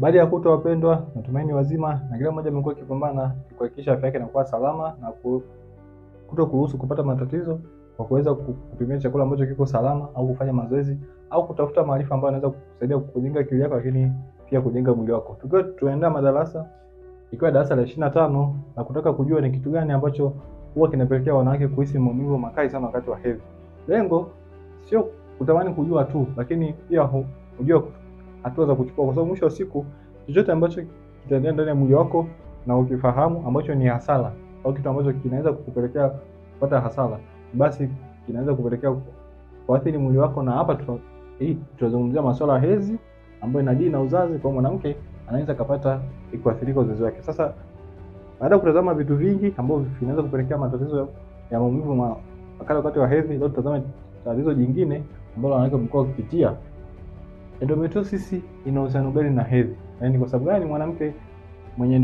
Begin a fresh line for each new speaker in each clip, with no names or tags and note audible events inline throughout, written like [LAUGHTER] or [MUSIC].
Baada ya kuto wapendwa, natumaini wazima na kila mmoja amekuwa akipambana kuhakikisha afya yake inakuwa salama na kuto kuruhusu kupata matatizo kwa kuweza kupimia chakula ambacho kiko salama au kufanya mazoezi au kutafuta maarifa ambayo yanaweza kukusaidia kujenga akili yako, lakini pia kujenga mwili wako. Tukiwa tunaenda madarasa, ikiwa darasa la 25 na kutaka kujua ni kitu gani ambacho huwa kinapelekea wanawake kuhisi maumivu makali sana wakati wa hedhi. Lengo sio kutamani kujua tu, lakini pia kujua hatua za kuchukua, kwa sababu mwisho wa siku chochote ambacho kitaendelea ndani ya mwili wako na ukifahamu ambacho ni hasara au kitu ambacho kinaweza kukupelekea kupata hasara, basi kinaweza kupelekea kuathiri mwili wako, na hapa tutazungumzia masuala ya hezi ambayo inajili na uzazi, kwa mwanamke anaweza kupata kuathirika uzazi wake. Sasa baada ya kutazama vitu vingi ambavyo vinaweza kupelekea matatizo ya maumivu ma wakati wa hedhi, leo tutazame tatizo jingine ambalo anaweza mkoa kupitia endometriosis ina uhusiano gani na hedhi? Yaani kwa sababu gani mwanamke mwenye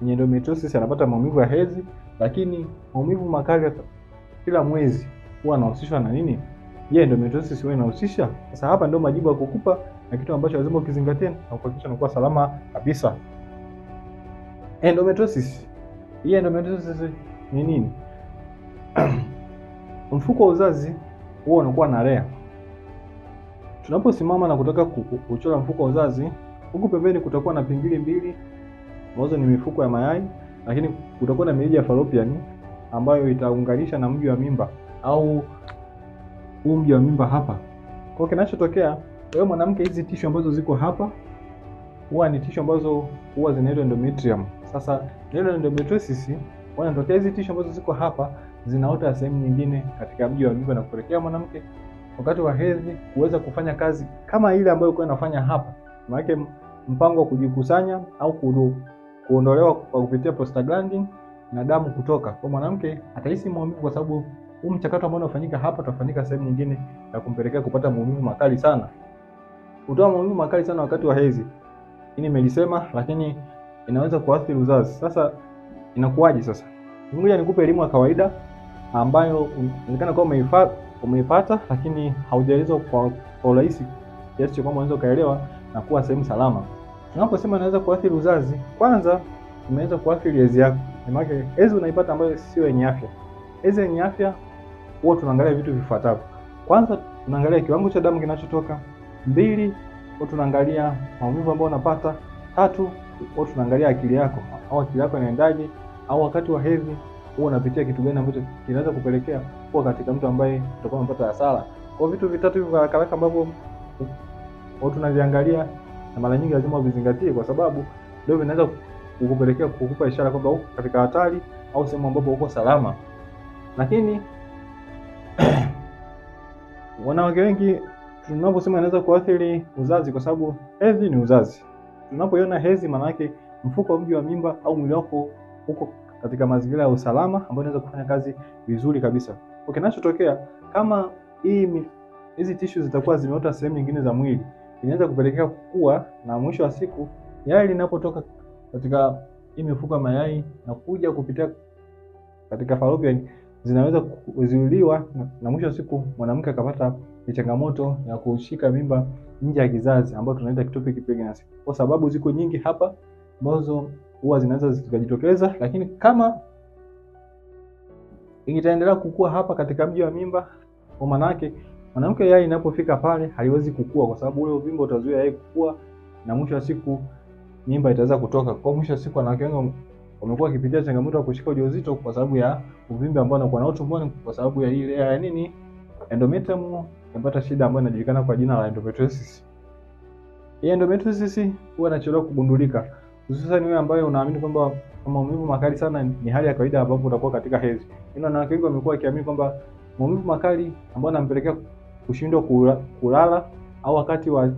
mwenye endometriosis anapata maumivu ya hedhi, lakini maumivu makali kila mwezi huwa anahusishwa na nini? Je, endometriosis huwa inahusisha? Sasa hapa ndio majibu ya kukupa na kitu ambacho lazima ukizingatie na kuhakikisha unakuwa salama kabisa. Endometriosis. Hii endometriosis ni nini? [CLEARS THROAT] Mfuko wa uzazi huwa unakuwa na rea Tunaposimama na kutaka kuchora mfuko wa uzazi, huku pembeni kutakuwa na pingili mbili ambazo ni mifuko ya mayai, lakini kutakuwa na mirija ya fallopian ambayo itaunganisha na mji wa mimba au mji wa mimba hapa. Kwa kinachotokea wewe mwanamke, hizi tishu ambazo ziko hapa huwa ni tishu ambazo huwa zinaitwa endometrium. Sasa neno endometriosis wanatokea hizi tishu ambazo ziko hapa zinaota sehemu nyingine katika mji wa mimba na kupelekea mwanamke wakati wa hedhi kuweza kufanya kazi kama ile ambayo ulikuwa unafanya hapa. Maanake mpango wa kujikusanya au kudu, kuondolewa kwa kupitia prostaglandin na damu kutoka kwa mwanamke atahisi maumivu kwa sababu huu mchakato ambao unafanyika hapa utafanyika sehemu nyingine na kumpelekea kupata maumivu makali sana. Kutoa maumivu makali sana wakati wa hedhi. Hii nimelisema lakini inaweza kuathiri uzazi. Sasa inakuwaje sasa? Ngoja nikupe elimu ya kawaida ambayo inaonekana kwa umeifuata umeipata, lakini haujaelezwa kwa kwa urahisi kiasi cha kwamba unaweza ukaelewa na kuwa sehemu salama. Tunaposema inaweza kuathiri uzazi, kwanza imeweza kuathiri hedhi yako, maana hedhi unaipata ambayo sio yenye afya. Hedhi yenye afya huwa tunaangalia vitu vifuatavyo. Kwanza tunaangalia kiwango cha damu kinachotoka. Mbili, huwa tunaangalia maumivu ambayo unapata. Tatu, huwa tunaangalia akili yako, au akili yako inaendaje, au wakati wa hedhi huwa unapitia kitu gani ambacho kinaweza kupelekea kuwa katika mtu ambaye utakuwa unapata hasara. Kwa vitu vitatu hivyo haraka haraka ambavyo watu tunaviangalia na mara nyingi lazima uvizingatie, kwa sababu ndio vinaweza kukupelekea kukupa ishara kwamba uko katika hatari au sehemu ambapo uko salama. Lakini [CLEARS THROAT] wanawake wengi tunaposema inaweza kuathiri uzazi, kwa sababu hedhi ni uzazi. Tunapoiona hedhi, maana yake mfuko wa mji wa mimba au mwili wako uko katika mazingira ya usalama ambayo inaweza kufanya kazi vizuri kabisa. Okay, kinachotokea kama hii hizi tishu zitakuwa zimeota sehemu nyingine za mwili, inaweza kupelekea kuwa na mwisho wa siku yai linapotoka katika hii mifuko ya mayai na kuja kupitia katika fallopian zinaweza kuzuiliwa na, na mwisho wa siku mwanamke akapata changamoto ya kushika mimba nje ya kizazi ambayo tunaita ectopic pregnancy. Kwa sababu ziko nyingi hapa ambazo huwa zinaweza zikajitokeza, lakini kama itaendelea kukua hapa katika mji wa mimba, kwa maana yake mwanamke yai inapofika pale haliwezi kukua, kwa sababu ule uvimbe utazuia yai kukua, na mwisho wa siku mimba itaweza kutoka. Kwa mwisho wa siku wanawake wengi wamekuwa wakipitia changamoto ya kushika ujauzito kwa sababu ya uvimbe ambao anakuwa nao tumboni, kwa sababu ya ile ya nini, endometrium kupata shida ambayo inajulikana kwa jina la endometriosis. Hii endometriosis huwa inachelewa kugundulika hususan wewe ambaye unaamini kwamba maumivu makali sana ni hali ya kawaida ambapo utakuwa katika hedhi. Ina yaani wanawake wengi wamekuwa wakiamini kwamba maumivu makali ambayo yanampelekea kushindwa kulala au wakati wa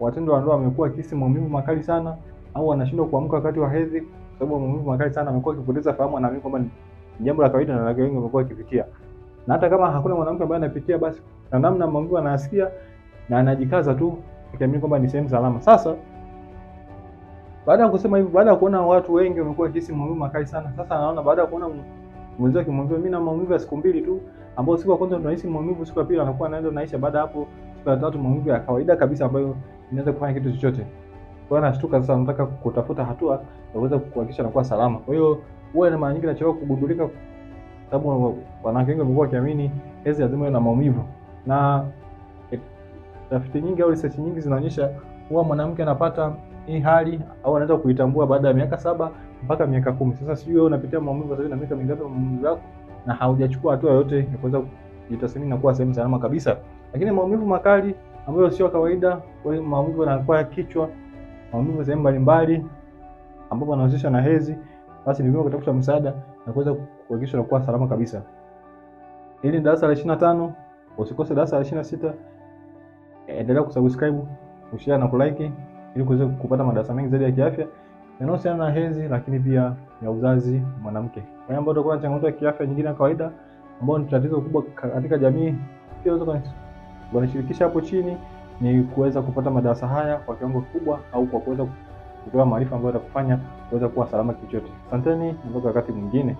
watendo wa ndoa wamekuwa kisi maumivu makali sana au wanashindwa kuamka wakati wa hedhi kwa sababu maumivu makali sana, amekuwa akipoteza fahamu, anaamini kwamba ni jambo la kawaida na wanawake wengi wamekuwa wakipitia. Na hata kama hakuna mwanamke ambaye anapitia, basi na namna maumivu anasikia na anajikaza tu akiamini kwamba ni sehemu salama. Sasa baada ya kusema hivyo, baada ya kuona watu wengi wamekuwa kisi maumivu makali sana, sasa anaona baada ya kuona wake akimwambia mimi na maumivu ya siku mbili tu, ambapo siku ya kwanza ndo tunahisi maumivu, siku ya pili anakuwa anaenda naisha, baada hapo siku ya tatu maumivu ya kawaida kabisa ambayo inaweza kufanya kitu chochote. Kwa hiyo anashtuka sasa, anataka kutafuta hatua ya kuweza kuhakikisha anakuwa salama. Kwa hiyo huwa na mara nyingi anachelewa kugundulika, sababu wanawake wengi wamekuwa wakiamini hedhi lazima iwe na maumivu, na eh, tafiti nyingi au research nyingi zinaonyesha huwa mwanamke anapata hii hali au anaweza kuitambua baada ya miaka saba mpaka miaka kumi. Sasa sijui wewe unapitia maumivu sasa na miaka mingapi maumivu yako na haujachukua hatua yoyote ya kuweza kujitathmini na kuwa sehemu salama kabisa. Lakini maumivu makali ambayo sio kawaida, kwa hiyo maumivu yanakuwa ya kichwa, maumivu sehemu mbalimbali ambapo yanahusishwa na hedhi, basi ni vyema kutafuta msaada na kuweza kuhakikisha unakuwa salama kabisa. Hili ni darasa la 25, usikose darasa la 26. Endelea kusubscribe, kushare na kulike ili kuweza kupata madarasa mengi zaidi ya kiafya yanayohusiana na hedhi, lakini pia ya uzazi mwanamke. Kwa hiyo ambao utakuwa na changamoto ya kiafya nyingine ya kawaida ambao ni tatizo kubwa katika jamii, pia unaweza kunishirikisha hapo chini, ni kuweza kupata madarasa haya kwa kiwango kikubwa, au kwa kuweza kutoa maarifa ambayo yatakufanya kuweza kuwa salama kichote. Asanteni, mpaka wakati mwingine.